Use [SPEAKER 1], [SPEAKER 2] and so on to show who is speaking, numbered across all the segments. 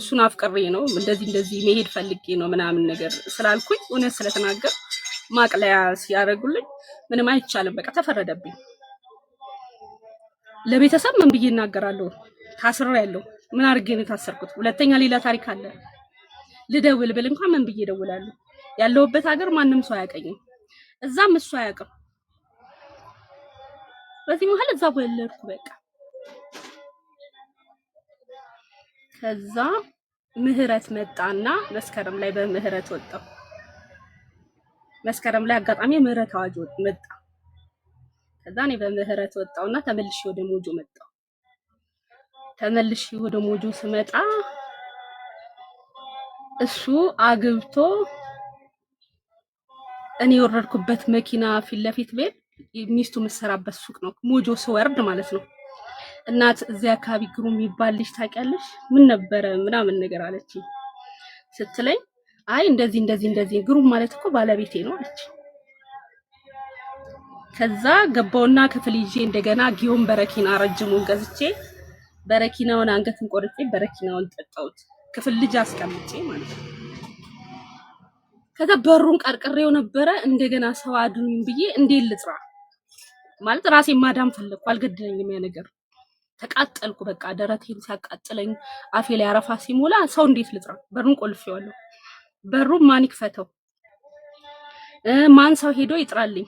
[SPEAKER 1] እሱን አፍቅሬ ነው እንደዚህ እንደዚህ መሄድ ፈልጌ ነው ምናምን ነገር ስላልኩኝ እውነት ስለተናገር ማቅለያ ሲያደርጉልኝ ምንም አይቻልም። በቃ ተፈረደብኝ። ለቤተሰብ ምን ብዬ እናገራለሁ? ታስሬ ያለው ምን አድርጌ ነው የታሰርኩት? ሁለተኛ ሌላ ታሪክ አለ። ልደውል ብል እንኳን ምን ብዬ እደውላለሁ? ያለሁበት ሀገር ማንም ሰው አያውቀኝም፣ እዛም እሱ አያውቅም። በዚህ መሀል እዛ ወለድኩ በቃ ከዛ ምህረት መጣና መስከረም ላይ በምህረት ወጣው። መስከረም ላይ አጋጣሚ ምህረት አዋጅ መጣ። ከዛ እኔ በምህረት ወጣውና ተመልሼ ወደ ሞጆ መጣው። ተመልሼ ወደ ሞጆ ስመጣ እሱ አግብቶ እኔ የወረድኩበት መኪና ፊት ለፊት ቤት ሚስቱ መሰራበት ሱቅ ነው። ሞጆ ስወርድ ማለት ነው እናት እዚህ አካባቢ ግሩ የሚባል ልጅ ታውቂያለሽ? ምን ነበረ ምናምን ነገር አለች ስትለኝ፣ አይ እንደዚህ እንደዚህ እንደዚህ ግሩም ማለት እኮ ባለቤቴ ነው አለች። ከዛ ገባውና ክፍል ይዤ እንደገና ጊዮን በረኪና ረጅሙን ገዝቼ በረኪናውን አንገቱን ቆርጬ በረኪናውን ጠጣሁት። ክፍል ልጅ አስቀምጬ ማለት ነው። ከዛ በሩን ቀርቅሬው ነበረ። እንደገና ሰው አድኑኝ ብዬ እንዴት ልጥራ ማለት ራሴ ማዳም ፈለግኩ። አልገደለኝም ያ ነገር ተቃጠልኩ። በቃ ደረቴን ሲያቃጥለኝ አፌ ላይ አረፋ ሲሞላ ሰው እንዴት ልጥራ? በሩን ቆልፌዋለሁ። በሩን ማን ይክፈተው? ማን ሰው ሄዶ ይጥራልኝ?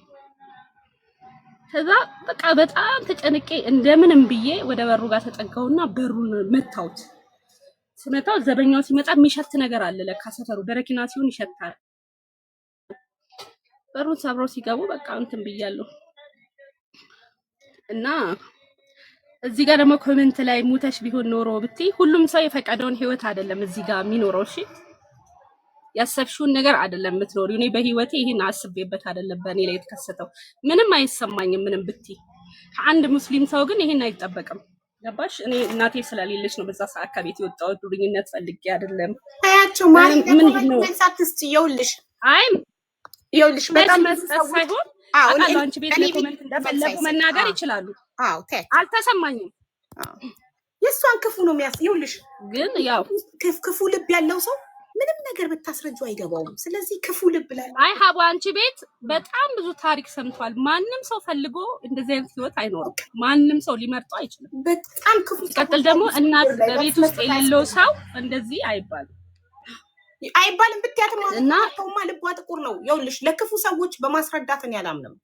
[SPEAKER 1] ከዛ በቃ በጣም ተጨንቄ እንደምንም ብዬ ወደ በሩ ጋር ተጠጋውና በሩን መታውት። ስመታው ዘበኛው ሲመጣ የሚሸት ነገር አለ ለካ ሰፈሩ በረኪና ሲሆን ይሸታል። በሩን ሰብረው ሲገቡ በቃ እንትን ብያለሁ እና እዚህ ጋር ደግሞ ኮመንት ላይ ሙተሽ ቢሆን ኖሮ ብቲ ሁሉም ሰው የፈቀደውን ህይወት አይደለም እዚህ ጋር የሚኖረው። እሺ ያሰብሽውን ነገር አይደለም የምትኖሩ እኔ በህይወቴ ይህን አስቤበት አይደለም በእኔ ላይ የተከሰተው። ምንም አይሰማኝም ምንም ብቲ። ከአንድ ሙስሊም ሰው ግን ይህን አይጠበቅም። ገባሽ? እኔ እናቴ ስለሌለች ነው በዛ ሰዓት ከቤት የወጣው። ዱርኝነት ፈልጌ አይደለም።
[SPEAKER 2] ታያቸው ሳይሆን አንቺ ቤት ለኮመንት እንደፈለጉ መናገር ይችላሉ። አልተሰማኝም። የእሷን ክፉ ነው የሚያስ ይኸውልሽ፣ ግን ያው ክፉ ልብ ያለው ሰው ምንም ነገር ብታስረጁ አይገባውም። ስለዚህ ክፉ ልብ ላይ
[SPEAKER 1] አይ ሀቡ አንቺ ቤት በጣም ብዙ ታሪክ ሰምቷል። ማንም ሰው ፈልጎ እንደዚህ አይነት ህይወት አይኖርም። ማንም ሰው ሊመርጦ አይችልም።
[SPEAKER 2] በጣም ክፉ
[SPEAKER 1] ቀጥል ደግሞ እናት በቤት ውስጥ የሌለው ሰው እንደዚህ አይባልም
[SPEAKER 2] አይባልም ብትያትማ እና ልቧ ጥቁር ነው። ይኸውልሽ ለክፉ ሰዎች በማስረዳት በማስረዳትን ያላምንም